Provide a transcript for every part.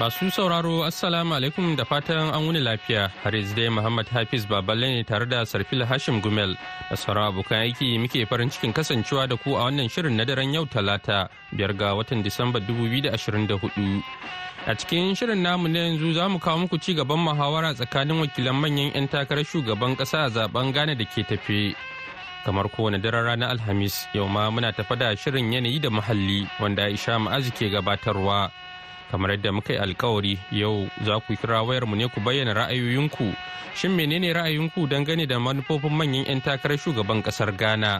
Masu sauraro Assalamu alaikum da fatan an wuni lafiya Haris dai Muhammad Hafiz Baballe ne tare da Sarfil Hashim Gumel da sauran abokan aiki muke farin cikin kasancewa da ku a wannan shirin na daren yau talata biyar ga watan Disamba 2024. A cikin shirin namu na yanzu za mu kawo muku ci gaban muhawara tsakanin wakilan manyan 'yan takarar shugaban kasa a zaben Ghana da ke tafe. kamar kowane daren ranar alhamis yau ma muna tafa da shirin yanayi da muhalli wanda aisha ma'azi ke gabatarwa kamar yadda muka yi alkawari yau za ku kira wayarmu ne ku bayyana ra'ayoyinku shin menene ra'ayinku gane da manufofin manyan 'yan takarar shugaban kasar ghana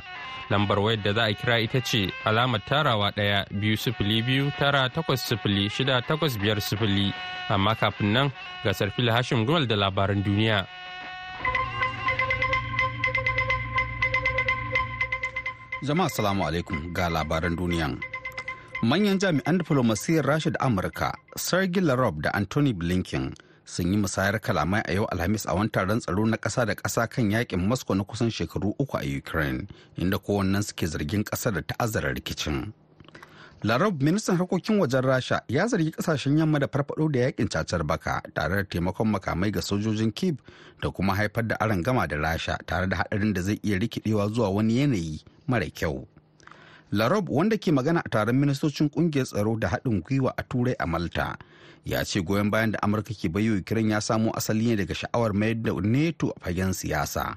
lambar wayar da za a kira ita ce alamar tarawa ɗaya biyu sifili biyu tara takwas sifili shida takwas biyar sifili amma kafin nan ga sarfil hashim gumal da labaran duniya jama'a salamu alaikum ga labaran duniya manyan jami'an diflomasiyyar rasha da amurka sergey Larob da anthony blinken sun yi musayar kalamai a yau alhamis a wani taron tsaro na ƙasa da ƙasa kan yakin moscow na kusan shekaru uku a ukraine inda kowannen suke zargin ƙasar da ta'azzara rikicin larab ministan harkokin wajen rasha ya zargi kasashen yamma da farfado da yakin cacar baka tare da taimakon makamai ga sojojin kib da kuma haifar da gama da rasha tare da haɗarin da zai iya rikidewa zuwa wani yanayi mara kyau larob wanda ke magana a taron ministocin kungiyar tsaro da haɗin gwiwa a turai a malta ya ce goyon bayan da amurka ke bayo ukraine ya samo asali ne daga sha'awar mayar da neto a fagen siyasa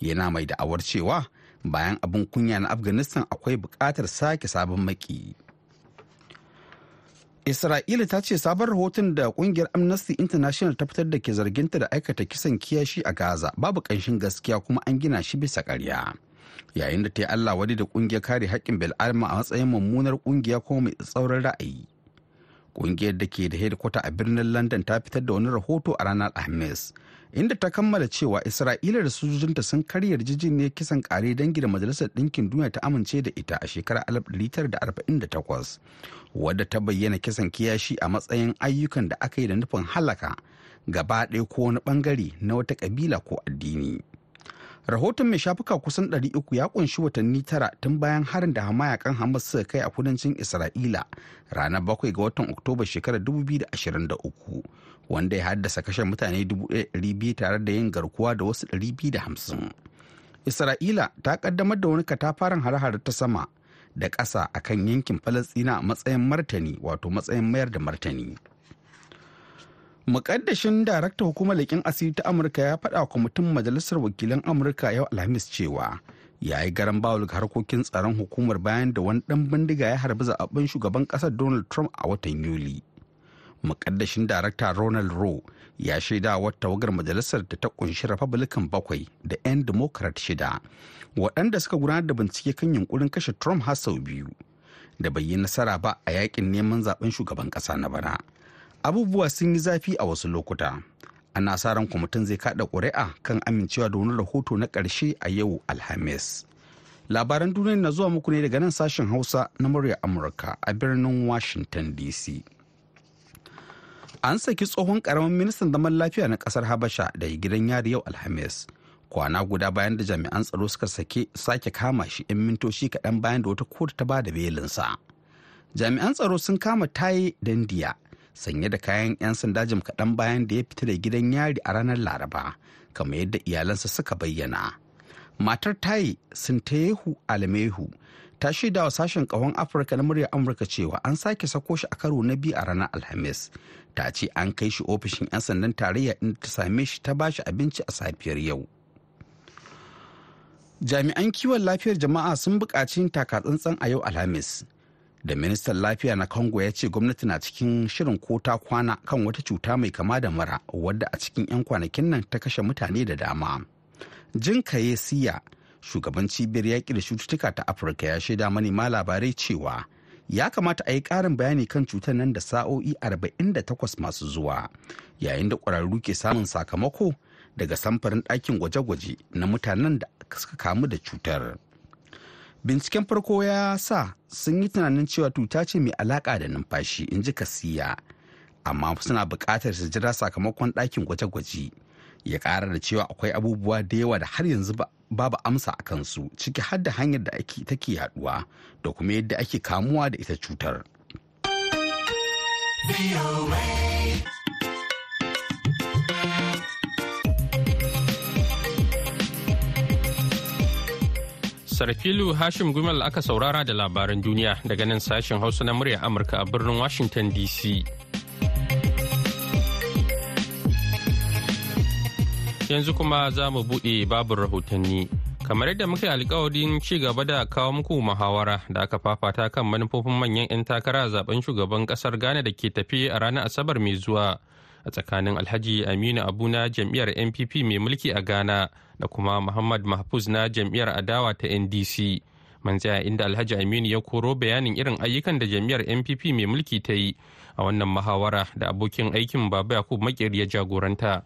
yana mai da'awar cewa bayan abin kunya na afghanistan akwai buƙatar sake sabon maki isra'ila ta ce sabon rahoton da kungiyar amnesty international ta fitar da ke zarginta da aikata kisan kiyashi a gaza babu ƙanshin gaskiya kuma an gina shi bisa ƙarya. yayin da ta yi allah wani da kungiyar kare haƙƙin bil'adama a matsayin mummunar kungiya ko mai tsauran ra'ayi kungiyar da ke da hedikwata a birnin london ta fitar da wani rahoto a ranar alhamis inda ta kammala cewa isra'ila da sojojinta sun karya ne kisan kare dangi da majalisar ɗinkin duniya ta amince da ita a shekarar 1948 wadda ta bayyana kisan kiyashi a matsayin ayyukan da aka yi da nufin halaka gaba ɗaya ko wani ɓangare na wata ƙabila ko addini rahoton mai shafuka kusan 300 ya kunshi watanni tara tun bayan harin da hamayakan hamas suka kai a kudancin isra'ila ranar 7 ga watan oktoba shekarar 2023 wanda ya haddasa kashe mutane 1200 tare da yin garkuwa da wasu 250 isra'ila ta kaddamar da wani katafaren har hare ta sama da ƙasa akan yankin falastina a matsayin martani wato matsayin mayar da martani. mukaddashin darakta hukumar leƙin asiri ta amurka ya faɗa kwamitin majalisar wakilan amurka yau alhamis cewa ya yi garan bawul ga harkokin tsaron hukumar bayan da wani ɗan bindiga ya harbi zaɓen shugaban ƙasar donald trump a watan yuli mukaddashin darakta ronald roe ya shaida wa tawagar majalisar da ta kunshi republican bakwai da 'yan democrat shida waɗanda suka gudanar da bincike kan yunkurin kashe trump har sau biyu da bai yi nasara ba a yakin neman zaɓen shugaban ƙasa na bana abubuwa sun yi zafi a wasu lokuta ana sa ran kwamitin zai kada ƙuri'a kan amincewa da wani rahoto na ƙarshe a yau alhamis labaran duniya na zuwa muku ne daga nan sashen hausa na murya amurka a birnin washington dc an saki tsohon karamin ministan zaman lafiya na kasar habasha da gidan yari yau alhamis kwana guda bayan da jami'an tsaro suka sake sake kama shi 'yan mintoci kaɗan bayan da wata kotu ta bada belinsa jami'an tsaro sun kama taye dandiya sanye da kayan 'yan sanda jim kaɗan bayan da ya fita da gidan yari a ranar laraba kamar yadda iyalansa suka bayyana matar tayi sintayehu alamehu ta shaida sashen kawon afirka na Murya amurka cewa an sake sako shi a karo na biyu a ranar alhamis ta ce an kai shi ofishin 'yan sandan tarayya inda ta same shi ta bashi abinci a safiyar yau jami'an kiwon lafiyar jama'a sun buƙaci takatsantsan a yau alhamis da ministan lafiya na congo ya ce gwamnati na cikin shirin ko ta kwana kan wata cuta mai kama da mura wadda a cikin 'yan kwanakin nan ta kashe mutane da dama jinkaye siya shugaban cibiyar yaƙi da cututtuka ta afirka ya shaida manema labarai cewa ya kamata a yi ƙarin bayani kan cutar nan da sa'o'i arba'in da takwas masu zuwa yayin da ƙwararru ke samun sakamako daga samfarin ɗakin gwaje-gwaje na mutanen da suka kamu da cutar. binciken farko ya sa sun yi tunanin cewa tuta ce mai alaka da numfashi in ji kasiya amma suna buƙatar su jira sakamakon ɗakin gwaje-gwaje ya ƙara da cewa akwai abubuwa da yawa da har yanzu babu amsa a kansu ciki har da hanyar da ake take yaduwa da kuma yadda ake kamuwa da ita cutar. Sarfilu Hashim Gumal aka saurara da labaran duniya daga nan sashen Hausa na murya Amurka a birnin Washington DC. Yanzu kuma za mu buɗe babin rahotanni. Kamar yadda muka yi alkawarin ci gaba da kawo muku muhawara da aka fafata kan manufofin manyan 'yan takara zaben shugaban ƙasar Ghana da ke tafi a ranar Asabar mai zuwa. a tsakanin alhaji aminu abu na jam'iyyar npp mai mulki a ghana da kuma muhammad mahfuz na jam'iyyar adawa ta ndc man tsaya inda alhaji aminu ya koro bayanin irin ayyukan da jam'iyyar npp mai mulki ta yi a wannan muhawara da abokin aikin baba yakub makeri ya jagoranta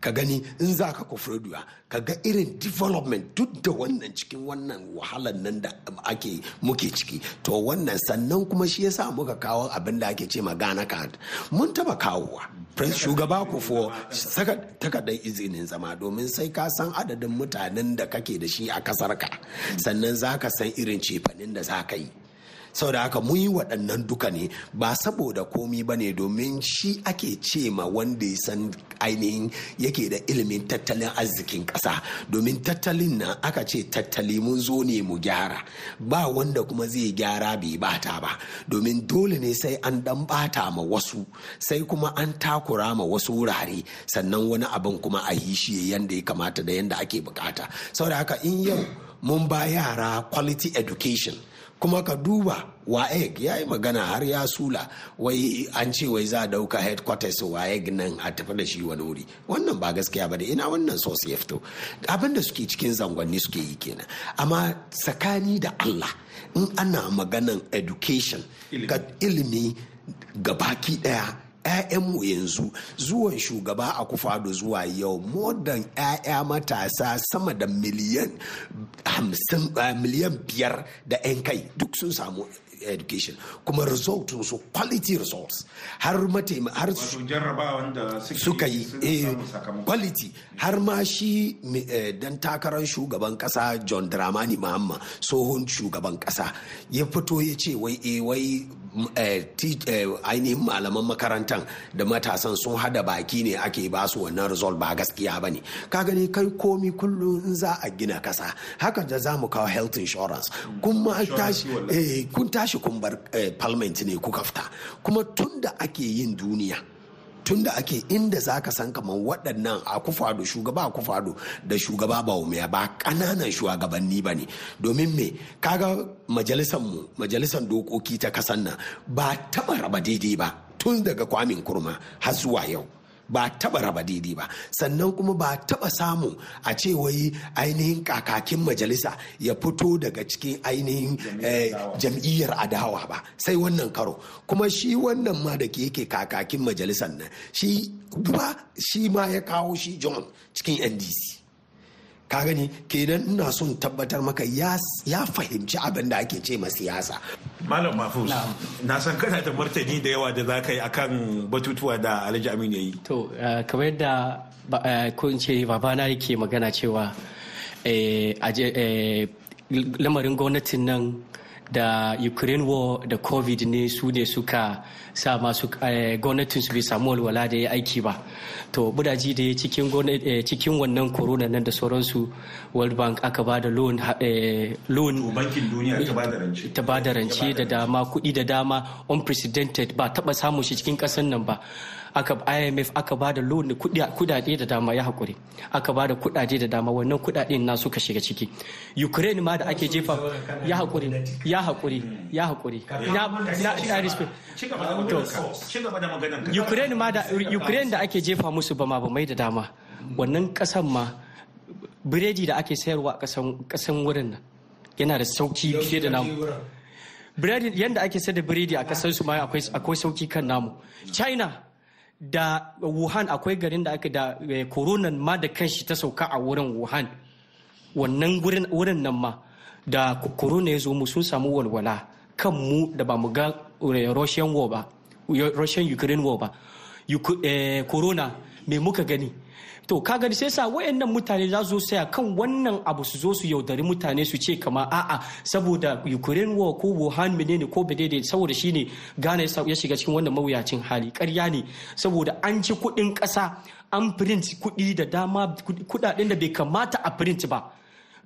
ka gani in za ka duwa ka ga irin development duk da wannan cikin wannan wahalar nan da ake muke ciki to wannan sannan kuma shi yasa muka kawo abin da ake ce magana card mun taba kawowa prince shugaba kofo saka takardar izinin zama domin sai ka san adadin mutanen da kake da shi a kasar ka sannan za ka san irin cefanin da za ka yi saboda haka mun yi waɗannan duka ne ba saboda komi ba ne domin shi ake ce ma wanda ya san ainihin yake da ilimin tattalin arzikin ƙasa domin tattalin nan aka ce tattali mun zo ne mu gyara ba wanda kuma zai gyara bai bata ba domin dole ne sai an dan bata ma wasu sai kuma an takura ma wasu wurare sannan wani abin kuma a yi shi yanda ya kamata da yanda ake bukata saboda haka in yau mun ba yara quality education kuma ka duba waeg ya yi magana har ya sula wai an ce wai za a dauka headquarters waeg nan a tafi da shi wani wuri wannan ba gaskiya ba da ina wannan source ya fito abin suke cikin zangonni suke yi kenan amma tsakani da allah in ana maganan education ilimi baki daya 'ya'yanmu yanzu zuwan shugaba a kufado zuwa yau modan 'ya'ya matasa sama da miliyan hamsin eh, miliyan biyar da 'yan kai duk sun samu education kuma result su quality results har mataima har su suka yi eh, quality har ma shi eh, dan takarar shugaban kasa john dramani mahamma tsohon shugaban kasa ya fito ya ce wai wai Eh, eh, ainihin malaman makarantan da matasan sun hada baki ne ake ba su wannan result ba gaskiya ba ne ka gani kai komi kullum in za a gina kasa haka da za mu kawo health insurance kuma eh, kun tashi kun bar parliament ne kuka fita kuma tun da ake yin duniya tun da ake inda za ka san kamar waɗannan a akufado shugaba a akufado da shugaba ba mai ba ƙananan shugabanni ba ne domin me kaga majalisar mu majalisar dokoki ta kasan nan ba taɓa raba daidai ba tun daga kwamin kurma har zuwa yau ba taba raba daidai ba sannan kuma ba taba samu a ce wai ainihin kakakin majalisa ya fito daga cikin ainihin eh, jam'iyyar adawa ba sai wannan karo kuma shi wannan ma da ke yake kakakin majalisar nan shi shi ma ya kawo shi john cikin ndc ka gani kenan ina son tabbatar maka ya fahimci abin da ake ce ma siyasa malam mafus na san kana da martani da yawa da za ka yi akan batutuwa da alhaji amin ya yi to eh, kamar yadda eh, kun ce babana yake magana cewa eh, lamarin gwamnatin nan da ukraine war da covid ne su ne suka sa masu eh, gwamnatin su bai samu walwala da ya aiki ba to budaji da eh, cikin wannan corona nan da sauransu world bank aka ba da loan eh, loan bankin duniya ta ba da rance da dama kuɗi da dama unprecedented ba taba samun shi cikin ƙasar nan ba aka imf aka ba da loan da kudade da dama ya hakuri aka ba da kudade da dama wannan kudaden na suka shiga ciki ukraine ma da ake jefa ya hakuri ya hakuri ya hakuri na na respect ukraine ma da ukraine da ake jefa musu bama bamai da dama wannan kasan ma biredi da ake sayarwa a kasan wurin nan yana da sauki fiye da namu biredi yadda ake sayar da biredi a kasar su ma akwai sauki kan namu china da wuhan akwai garin da aka da koronan eh, ma da kanshi ta sauka a wurin wuhan wannan wurin nan ma da korona ya zo mu sun samu walwala kan mu da ba mu ga eh, russian war ba russian ukraine war ba eh, corona me muka gani to kaga sai sa wayannan mutane za su saya kan wannan abu su zo su yaudari mutane su ce kama a'a saboda Ukraine war ko Wuhan menene ko bedede saboda shine Ghana ya shiga cikin wannan mawuyacin hali ƙarya ne saboda an ci kuɗin ƙasa an print kuɗi da dama kuɗaɗen da bai kamata a print ba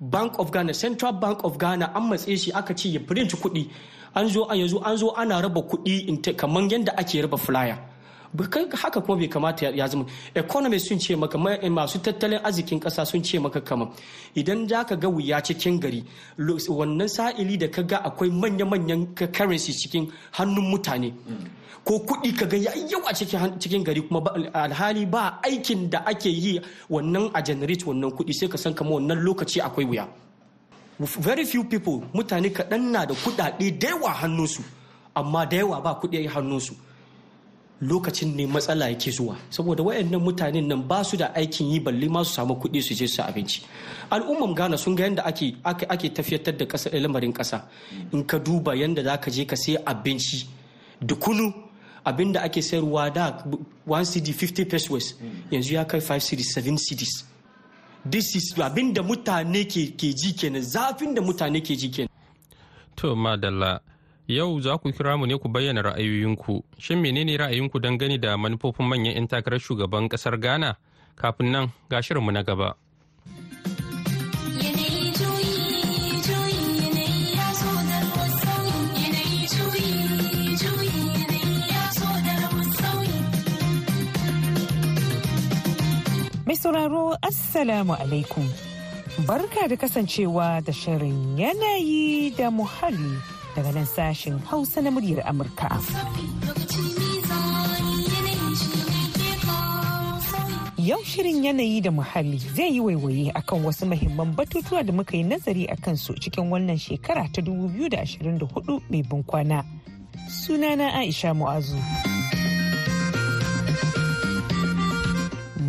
bank of ghana central bank of ghana an matse shi aka ce ya print kuɗi an zo an yanzu an zo ana raba kuɗi kamar yadda ake raba flyer haka kuma bai kamata ya zama economy sun ce maka eh, masu tattalin arzikin kasa sun ce maka kama idan za ka ga wuya cikin gari wannan sa'ili da ka ga akwai manya-manyan currency cikin hannun mutane mm. ko kuɗi ka ga yawa cikin gari kuma alhali ba aikin da ake yi wannan a generate wannan kuɗi sai ka san kama wannan lokaci akwai wuya very few people mutane kaɗan na da kuɗaɗe da yawa hannunsu amma da yawa ba kuɗi hannunsu lokacin ne matsala yake zuwa saboda wayannan mutanen nan ba su da aikin yi balle ma su samu kuɗi su je su abinci al'ummar Ghana sun ga yadda ake ake tafiyatar da ƙasa lamarin ƙasa in ka duba yadda za ka je ka sai abinci da kunu abinda ake sayarwa da 1 cd 50 pesos yanzu ya kai 5 cd 7 cds this is abinda mutane ke ji kenan zafin da mutane ke ji kenan to madalla Yau za ku kira mu ne ku bayyana ra'ayoyinku. Shin menene ra'ayinku gani da manufofin manyan 'yan takarar shugaban kasar Ghana? Kafin nan ga shirinmu na gaba. sauraro Assalamu alaikum. Barka da kasancewa da shirin yanayi da muhalli. daga nan sashen hausa na muryar amurka yau shirin yanayi da muhalli zai yi waiwaye akan wasu mahimman batutuwa da muka yi nazari a kansu cikin wannan shekara ta 2024 mai bin kwana sunana aisha mu'azu.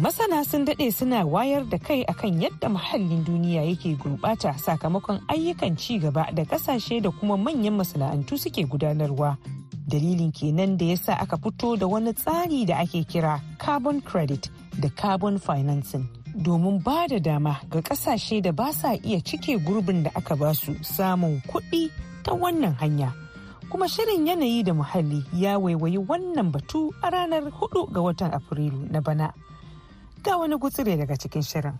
masana sun daɗe suna wayar da kai akan yadda muhallin duniya yake gurɓata sakamakon ayyukan ci gaba da ƙasashe da kuma manyan masana'antu suke gudanarwa dalilin kenan da yasa aka fito da wani tsari da ake kira carbon credit da carbon financing domin ba da dama ga ƙasashe da ba sa iya cike gurbin da aka ba su samun kuɗi ta wannan hanya kuma shirin yanayi da muhalli ya waiwayi wannan batu a ranar 4 ga watan afrilu na bana ga wani gutsire daga cikin shirin.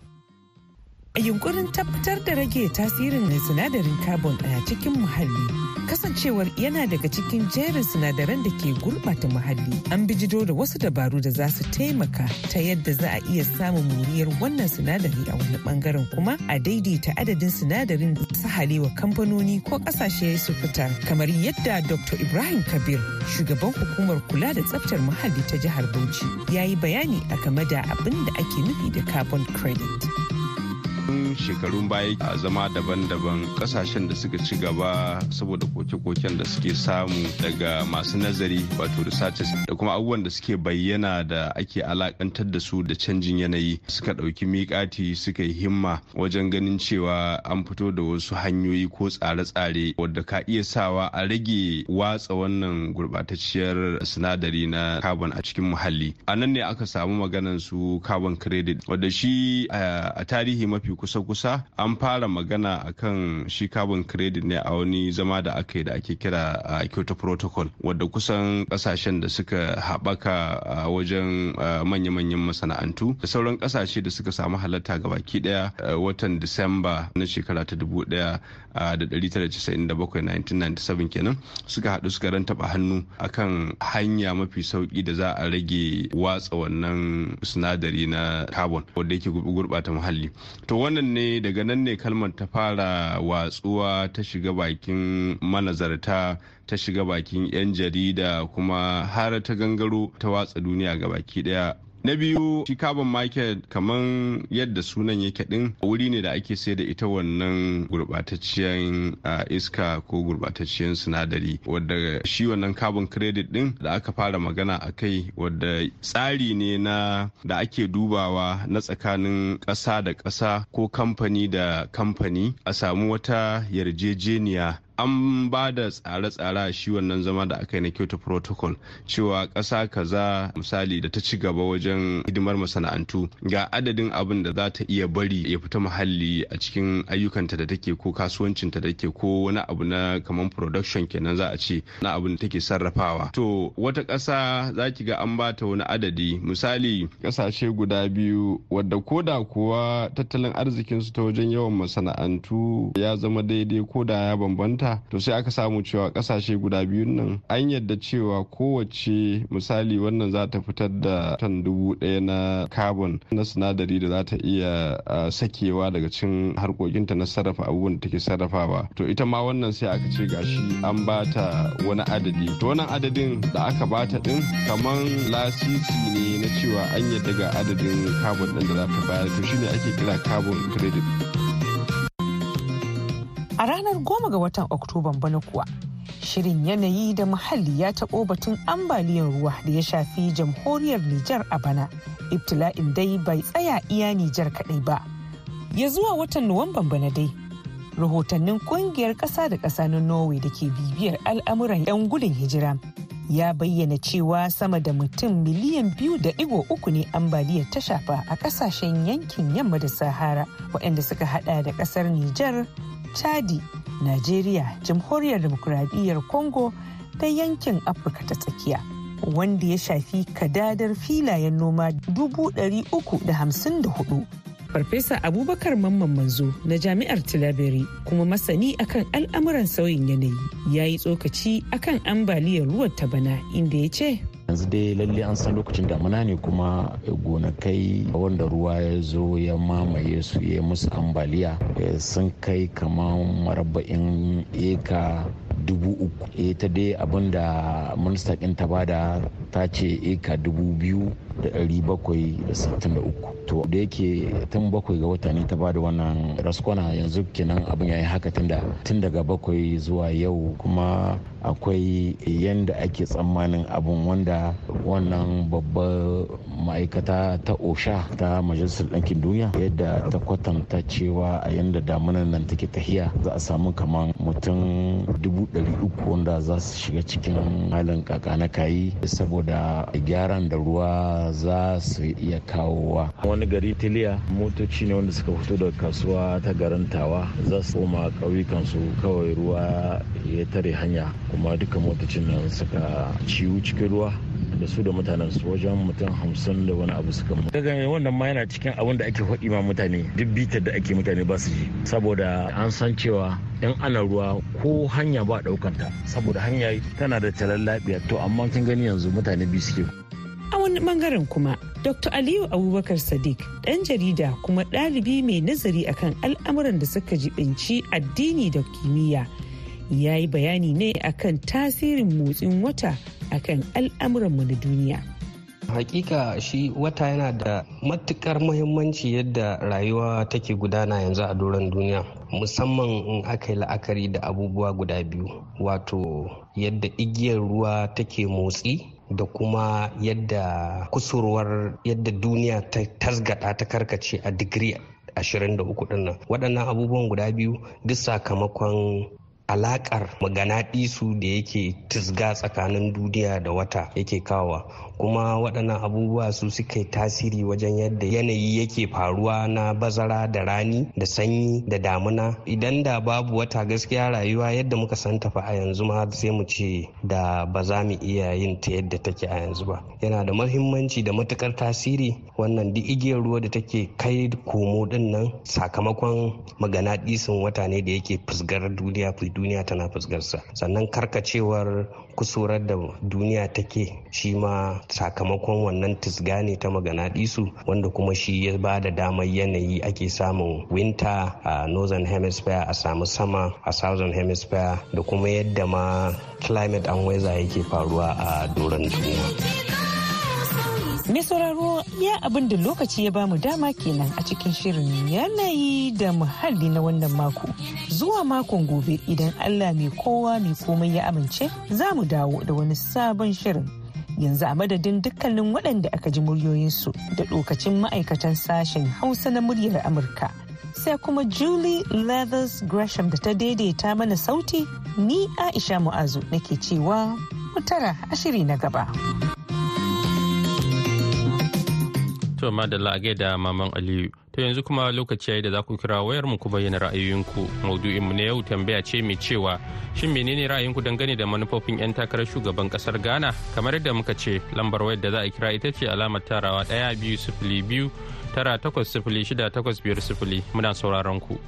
a yunkurin tabbatar da rage tasirin da sinadarin carbon a cikin muhalli kasancewar yana daga cikin jerin sinadaran da ke gurbata muhalli an bijido da wasu dabaru da za su taimaka ta yadda za a iya samun muriyar wannan sinadari a wani bangaren kuma a daidaita adadin sinadarin da sahalewa kamfanoni ko kasashe su fita kamar yadda dr ibrahim kabir shugaban hukumar kula da tsaftar muhalli ta jihar bauchi ya yi bayani a game da abin da ake nufi da carbon credit shekarun baya a zama daban-daban kasashen da suka ci gaba saboda koke-koken da suke samu daga masu nazari wato researches da kuma abubuwan da suke bayyana da ake alakantar da su da canjin yanayi suka ɗauki miƙati suka yi himma wajen ganin cewa an fito da wasu hanyoyi ko tsare-tsare wadda ka iya sawa a rage watsa wannan gurbatacciyar sinadari na carbon a cikin muhalli a nan ne aka samu maganan su carbon credit wadda shi eh, a tarihi mafi kusa-kusa an fara magana akan shi carbon credit ne a wani zama da aka yi da ake kira a uh, Kyoto Protocol wadda kusan kasashen da suka haɓaka a uh, wajen uh, manya-manyan masana'antu da sauran kasashe da suka samu halatta ga baki daya watan Disamba na shekara ta da 1997 kenan suka haɗu suka rantaba hannu akan hanya mafi sauki da za a rage watsa wannan sinadari na carbon wadda yake gurbata muhalli to wannan ne daga nan ne kalmar ta fara watsuwa ta shiga bakin manazarta ta shiga bakin 'yan jarida kuma har ta gangaro ta watsa duniya ga baki daya na biyu shi carbon market kamar yadda sunan yake din wuri ne da ake sai da ita wannan gurbatacciyar iska ko gurbatacciyar sinadari wadda shi wannan carbon credit din da aka fara magana a kai wadda tsari ne na da ake dubawa na tsakanin ƙasa da ƙasa ko kamfani da kamfani a samu wata yarjejeniya an ba da tsare-tsare a shi wannan zama da aka yi na kyoto protocol cewa ƙasa kaza misali da ta ci gaba wajen hidimar masana'antu ga adadin abin da za ta iya bari ya fita muhalli a cikin ayyukanta da take ko kasuwancinta da take ko wani abu na kamar production kenan za a ce na abin da take sarrafawa to wata ƙasa za ki ga an ba ta wani adadi misali ƙasashe guda biyu wadda ko da kuwa tattalin arzikinsu ta wajen yawan masana'antu ya zama daidai ko da ya bambanta fuskanta to sai aka samu cewa kasashe guda biyun nan an yadda cewa kowace misali wannan za ta fitar da tan dubu ɗaya na carbon na sinadari da za ta iya sakewa daga cin harkokinta na sarrafa abubuwan da take sarrafawa to ita ma wannan sai aka ce gashi an ba ta wani adadi to wannan adadin da aka ba ta din kamar lasisi ne na cewa an yadda ga adadin carbon ɗin da za ta bayar to shine ake kira carbon credit A ranar goma ga watan Oktoban bana kuwa, shirin yanayi da muhalli ya taɓo batun ambaliyar ruwa da ya shafi jamhuriyar Nijar a bana. Ibtila'in dai bai tsaya iya Nijar kaɗai ba. Ya zuwa watan Nuwamban bana dai, rahotannin ƙungiyar ƙasa da ƙasa na Norway da ke bibiyar al'amuran 'yan gudun hijira ya bayyana cewa sama da mutum miliyan biyu da digo uku ne ambaliyar ta shafa a ƙasashen yankin yamma da Sahara waɗanda suka hada da ƙasar Nijar chadi najeriya jamhuriyar demokuraɗiyyar congo da yankin afirka ta tsakiya wanda ya shafi kadadar filayen noma dubu ɗari uku da da hamsin hudu. farfesa abubakar mamman manzo na jami'ar tilaberi kuma masani akan al'amuran sauyin yanayi ya yi tsokaci akan ambaliyar ruwan ta bana inda ya ce yanzu dai lalle an san lokacin damuna ne kuma gonakai wanda ruwa ya zo ya mamaye su ya musu ambaliya eh, sun kai kamar maraba'in eka dubu uku eh, ta dai abin da minista ɗin ta bada ta ce eka dubu to da yake tun bakwai ga watanni ta bada wannan raskwana yanzu kenan abin ya yi haka tun daga bakwai zuwa yau kuma akwai yadda ake tsammanin abin wanda wannan babbar ma'aikata ta osha ta majalisar ɗankin duniya yadda ta kwatanta cewa a yadda damunan nan take tahiya za a samu kamar mutum dubu wanda za su shiga cikin halin kaka na kayi saboda saboda gyaran da ruwa za su iya kawowa wani gari tiliya motoci ne wanda suka fito daga kasuwa ta garin tawa za su koma su kawai ruwa ya tare hanya kuma duka motocin nan suka ciwu cikin ruwa da su da mutanen su wajen mutum hamsin da wani abu suka mutu daga wannan ma yana cikin abin da ake faɗi ma mutane duk bitar da ake mutane ba su ji saboda an san cewa in ana ruwa ko hanya ba ɗaukanta saboda hanya tana da lafiya to amma kin gani yanzu mutane biyu suke a wani bangaren kuma dr aliyu abubakar sadiq ɗan jarida kuma ɗalibi mai nazari akan al'amuran da suka jibinci addini da kimiyya ya yi bayani ne akan tasirin motsin wata akan al'amuranmu na duniya. hakika shi wata yana da matukar muhimmanci yadda rayuwa take gudana yanzu a doron duniya musamman in aka yi la'akari da abubuwa guda biyu wato yadda igiyar ruwa take motsi da kuma yadda kusurwar yadda duniya ta tasgada ta karkace a digiri 23 din nan waɗannan abubuwan guda biyu duk sakamakon alakar maganaɗisu da yake tisga tsakanin duniya da wata yake kawa kuma waɗannan abubuwa su suka tasiri wajen yadda yanayi yake faruwa na bazara da rani da sanyi da damuna idan da babu wata gaskiya rayuwa yadda muka san tafa a yanzu ma sai mu ce da ba za mu iya yin ta yadda take a yanzu ba yana da mahimmanci da matukar tasiri wannan duk igiyar ruwa da take kai komo din sakamakon maganaɗisin wata ne da yake fusgar duniya duniya tana fuskarsa sannan karkacewar kusurar da duniya take shi ma sakamakon wannan tisga ne ta maganaɗisu wanda kuma shi ya ba da damar yanayi ake samun winter a northern hemisphere a samu sama a southern hemisphere da kuma yadda ma climate and weather yake faruwa a doron duniya. Mai sauraro ya abin da lokaci ya bamu dama kenan a cikin shirin yanayi da muhalli na wannan mako. Zuwa makon gobe idan Allah mai kowa mai komai ya amince za mu dawo da wani sabon shirin. Yanzu a madadin dukkanin waɗanda aka ji muryoyinsu da lokacin ma'aikatan sashen Hausa na muryar Amurka. Sai kuma Julie Leathers Gresham da ta daidaita mana sauti, ni Aisha Mu'azu nake cewa mutara ashiri na gaba. To madalla a gaida maman Aliyu. To yanzu kuma lokaci yayi da za ku kira wayar mu ku bayyana ra'ayoyinku. mu na yau tambaya ce mai cewa shin menene ra'ayinku dangane da manufofin 'yan takarar shugaban kasar Ghana? Kamar yadda muka ce lambar wayar da za a kira ita ce alamar tarawa ɗaya biyu sifili biyu tara takwas sifili shida takwas biyar sifili muna sauraron ku.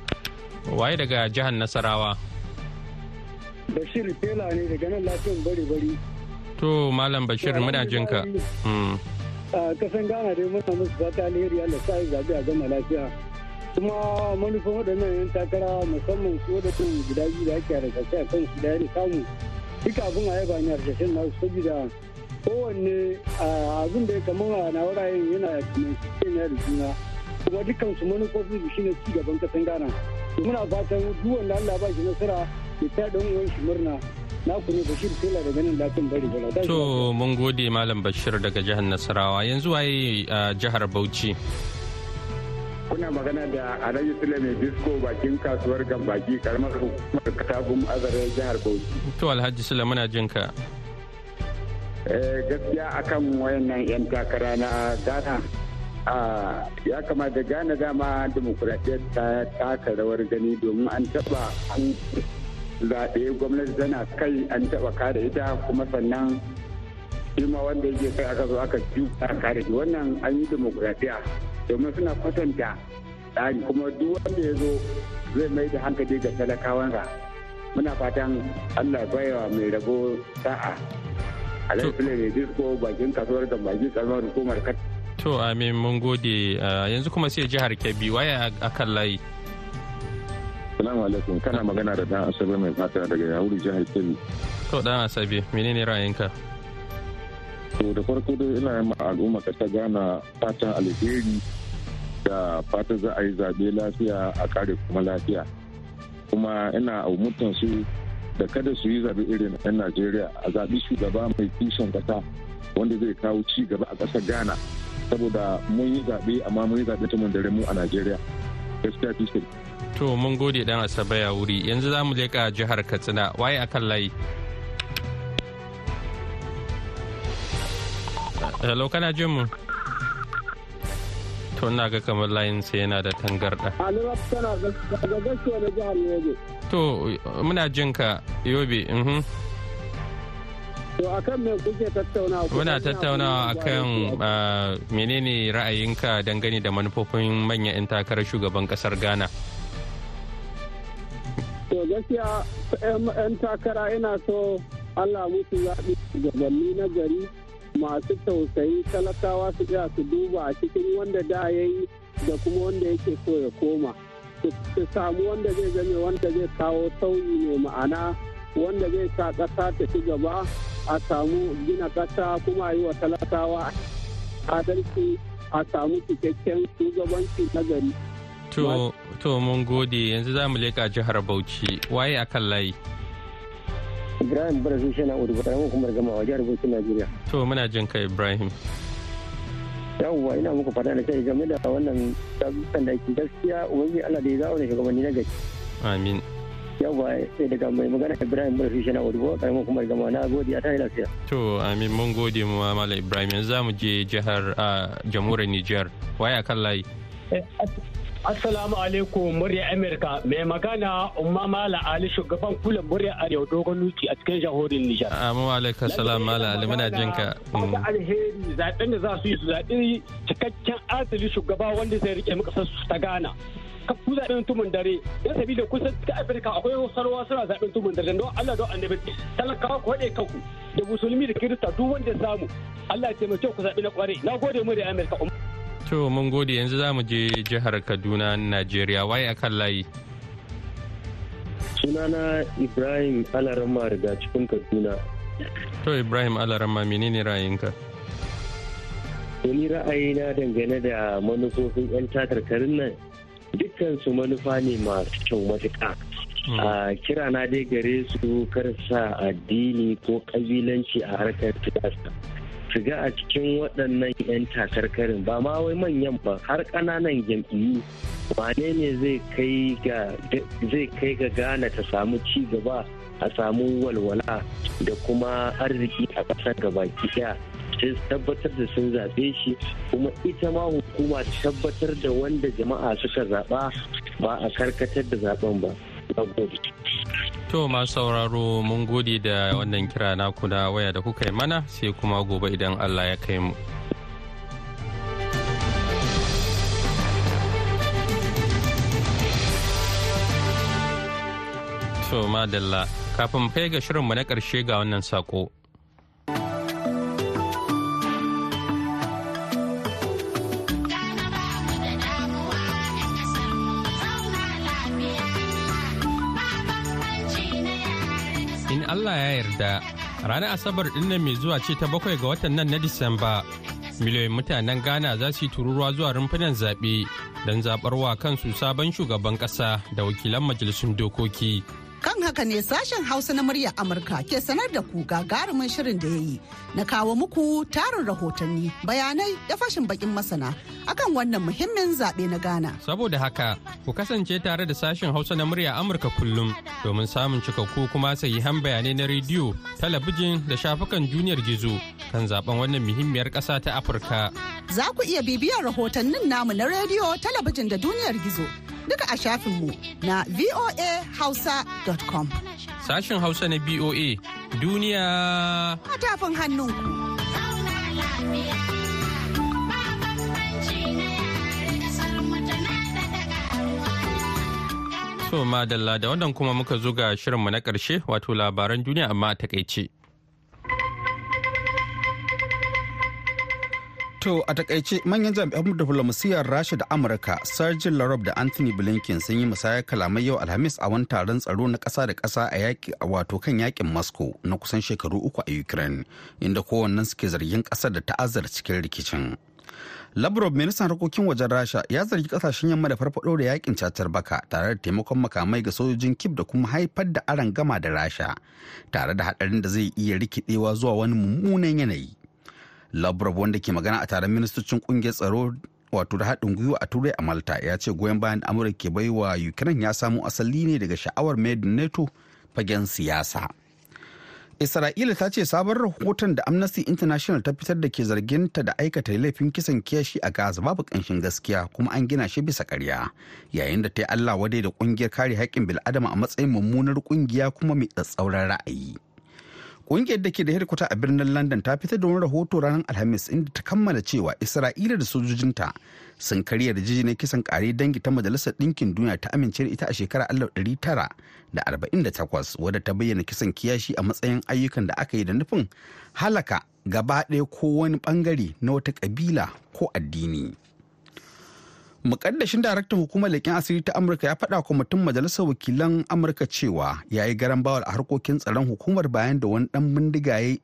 Waye daga jihar Nasarawa? Bashir Tela ne daga nan lafiyan bari bari. To Malam Bashir muna jinka. a kasan ghana dai muna musu fata alheri allah sa zabi a gama lafiya kuma manufan waɗannan yan takara musamman su waɗannan guda biyu da ake harkashe a kan su da yari samu duka abin a yaba ne harkashen nasu saboda kowanne abin da ya kamar a na wurayen yana kimiyya yari juna kuma dukkan su manufofin su shine ci gaban kasan ghana muna fatan duwanda allah ba shi nasara ki don uwan shi murna ku ne Bashir Tela daga nan lafiyan bari bala. To mun gode Malam Bashir daga jihar Nasarawa yanzu waye jihar Bauchi. Kuna magana da Alhaji Sule mai disko bakin kasuwar Gambaki karamar hukumar Katagun Azare jihar Bauchi. To Alhaji Sule muna jin ka. Eh, gaskiya akan wayannan 'yan takara na Ghana ya kamata Ghana dama demokuraɗiyar ta taka rawar gani domin an taɓa an zaɓe gwamnati tana kai an taɓa kare ita kuma sannan ima wanda yake kai aka zo aka ji a kare shi wannan an yi demokuraɗiyya domin suna kwatanta tsari kuma duk wanda ya zo zai mai da hankali ga talakawansa muna fatan allah baiwa mai rago sa'a alaifile mai disko bakin kasuwar da bakin tsarmar hukumar kan to amin mun gode ah, yanzu kuma sai jihar kebbi waya akan layi Salamu alaikum kana magana da dan Asabe mai fata daga Yawuri jihar Kebbi. To dan Asabe menene ra'ayinka? To da farko dai ina yi al'umma ka ta gana fatan alheri da fata za a yi zaɓe lafiya a kare kuma lafiya. Kuma ina umurtan su da kada su yi zaɓe irin 'yan Najeriya a zaɓi shugaba mai kishin kasa wanda zai kawo ci gaba a ƙasar Ghana saboda mun yi zaɓe amma mun yi zaɓe ta dare mu a Najeriya. Gaskiya fi To mun gode dan Asabe ya wuri yanzu za mu ka jihar Katsina waye akan layi. Hello kana jin mu? To ina ga kamar layin sai yana da tangarda. To muna jin ka Yobe. Mhm. To tattaunawa? Muna tattaunawa akan menene ra'ayinka dangane da manufofin manyan 'yan takarar shugaban kasar Ghana. To gaskiya 'yan takara ina so Allah musu zaɓi shugabanni na gari masu tausayi talakawa su iya su duba a cikin wanda da ya yi da kuma wanda yake so ya koma su samu wanda zai zame wanda zai kawo sauyi mai ma'ana wanda zai sa ƙasa ta ci gaba a samu gina ƙasa kuma yi wa talakawa adalci a samu cikakken shugabanci na gari. To mun gode yanzu za mu leƙa jihar Bauchi waye a kan layi. Ibrahim Barazu shi na ba tare kuma gama a jihar Bauchi Najeriya. To muna jin ka Ibrahim. Yawwa ina muku fada da kai game da wannan sabukan da ke gaskiya ubangi Allah da ya zaune shugabanni na gari. Amin. Yawwa sai daga mai magana Ibrahim Barazu shi na ba tare kuma gama na gode a tare lafiya. To amin mun gode mu ma Malam Ibrahim yanzu za mu je jihar jamhuriyar Nijar waye a kan layi. Eh, Assalamu alaikum murya Amerika mai magana Umma Mala Ali shugaban kula murya Arewa dogon nuki a cikin jahorin Nijar. Amu alaika salam Mala Ali muna jinka. ka. Mm. alheri zaɓen da za su yi su zaɓi cikakken adali shugaba wanda zai rike maka su ta Ghana. ka zaɓen tumun dare don sabida kusa cikin afirka akwai sarwa suna zaɓen tumun dare don allah don annabi talakawa ko haɗe kanku da musulmi da kirista duk wanda samu allah ya taimake ku zaɓi na ƙware na gode murya Amerika. amurka To mun gode yanzu za mu je jihar Kaduna Najeriya waye kan layi. Sunana Ibrahim Alarama daga cikin Kaduna. To Ibrahim Alarama menene ra'ayinka? Wani na dangane da manufofin 'yan takarkarin nan dukkan su manufa ne masu kyau matuƙa. Mm. a kira na dai gare su kar sa addini ko kabilanci a harkar siyasa shiga a cikin waɗannan 'yan takarkarin ba ma wai manyan ba har ƙananan jam'iyyu wane ne zai kai ga ghana ta samu ci gaba a samu walwala da kuma arziki a ƙasar gabaki ɗaya sai tabbatar da sun zaɓe shi kuma ita ma hukuma tabbatar da wanda jama'a suka zaɓa ba a karkatar da zaɓen ba. To masu sauraro mun gode da wannan kira na kuna waya da kuka yi mana sai kuma gobe idan Allah ya kai mu. To madalla kafin fai ga shirinmu na ƙarshe ga wannan saƙo. Allah ya yarda ranar Asabar ɗin mai zuwa ce ta bakwai ga watan nan na Disamba. Miliyoyin mutanen Ghana za su yi tururuwa zuwa rumfunan zaɓe don zaɓarwa kansu sabon shugaban ƙasa da wakilan majalisun dokoki Kan haka ne sashen Hausa na murya Amurka ke sanar da ku gagarumin shirin da ya yi na kawo muku tarin rahotanni, bayanai da fashin bakin masana akan wannan muhimmin zaɓe na Ghana. Saboda haka, ku kasance tare da sashen Hausa na murya Amurka kullum domin samun cikakku kuma sahihan bayanai na rediyo, talabijin da shafukan duniyar gizo kan zaben wannan muhimmiyar ƙasa ta Afirka. Za ku iya bibiyar rahotannin namu na rediyo, talabijin da duniyar gizo. duka a shafin mu na voahausa.com. Sashin Hausa na BOA duniya a tafin hannunku. So madalla da wannan kuma muka zuga ga shirinmu na ƙarshe wato labaran duniya amma a takaice. To a takaice manyan jami'an diflomasiyyar Rasha da Amurka, Sergin larobe da Anthony Blinken sun yi musayar kalamai yau Alhamis a wani taron tsaro na kasa da kasa a yaki wato kan yakin Moscow na kusan shekaru uku a Ukraine, inda kowannen suke zargin kasar da ta'azzara cikin rikicin. labrob ministan harkokin wajen Rasha ya zargi kasashen yamma da farfado da yakin cacar baka tare da taimakon makamai ga sojojin Kib da kuma haifar da aron gama da Rasha tare da hadarin da zai iya rikidewa zuwa wani mummunan yanayi. lavrov wanda ke magana a taron ministocin kungiyar tsaro wato da haɗin gwiwa a turai a malta ya ce goyon bayan amurka ke bai wa ukraine ya samu asali ne daga sha'awar made nato fagen siyasa isra'ila ta ce sabon rahoton da amnesty international ta fitar da ke zargin ta da aikata laifin kisan kiyashi a gaza babu ƙanshin gaskiya kuma an gina shi bisa karya yayin da ta yi allah wadai da ƙungiyar kare haƙƙin bil'adama a matsayin mummunar ƙungiya kuma mai tsatsauran ra'ayi Ƙungiyar da ke da hirkuta a birnin London ta fitar da wani rahoto ranar Alhamis inda ta kammala cewa Isra'ila da sojojinta sun karya da kisan kare dangi ta Majalisar Ɗinkin Duniya ta amince da ita a shekarar 1948 wadda ta bayyana kisan kiyashi a matsayin ayyukan da aka yi da nufin halaka gaba ɗaya ko wani ɓangare na wata ƙabila ko addini. mukaddashin daraktan hukumar leƙen asiri ta amurka ya faɗa kwamitin majalisar wakilan amurka cewa ya yi garan bawal a harkokin tsaron hukumar bayan da wani ɗan bindigaye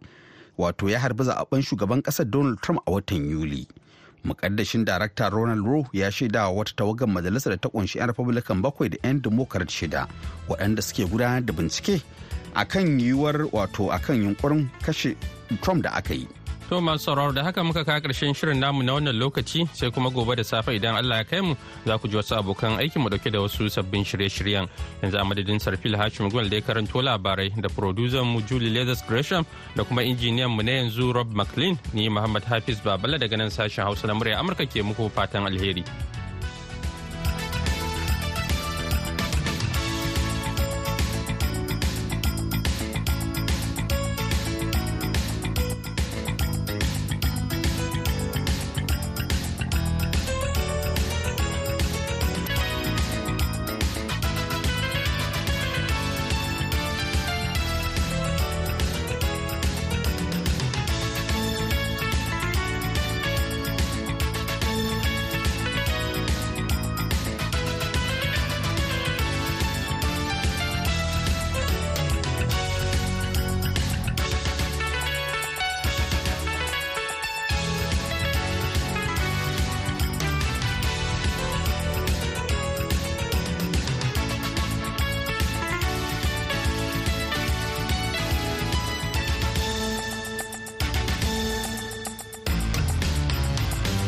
wato ya harbi zaɓen shugaban ƙasar donald trump a watan yuli mukaddashin darakta ronald roe ya shaida wa wata tawagar majalisar da ta kunshi 'yan republican bakwai da 'yan democrat shida waɗanda suke gudanar da bincike akan yiwuwar wato akan yunkurin kashe trump da aka yi To masu sauraro da haka muka kawo karshen shirin namu na wannan lokaci sai kuma gobe da safe idan Allah ya kai mu za ku ji wasu abokan aiki mu dauke da wasu sabbin shirye-shiryen. Yanzu a madadin Sarfil Hashim Gwal da ya karanto labarai da producer mu Julie Leathers Gresham da kuma injiniyan mu na yanzu Rob McLean ni Muhammad Hafiz Babala daga nan sashen Hausa na murya Amurka ke muku fatan alheri.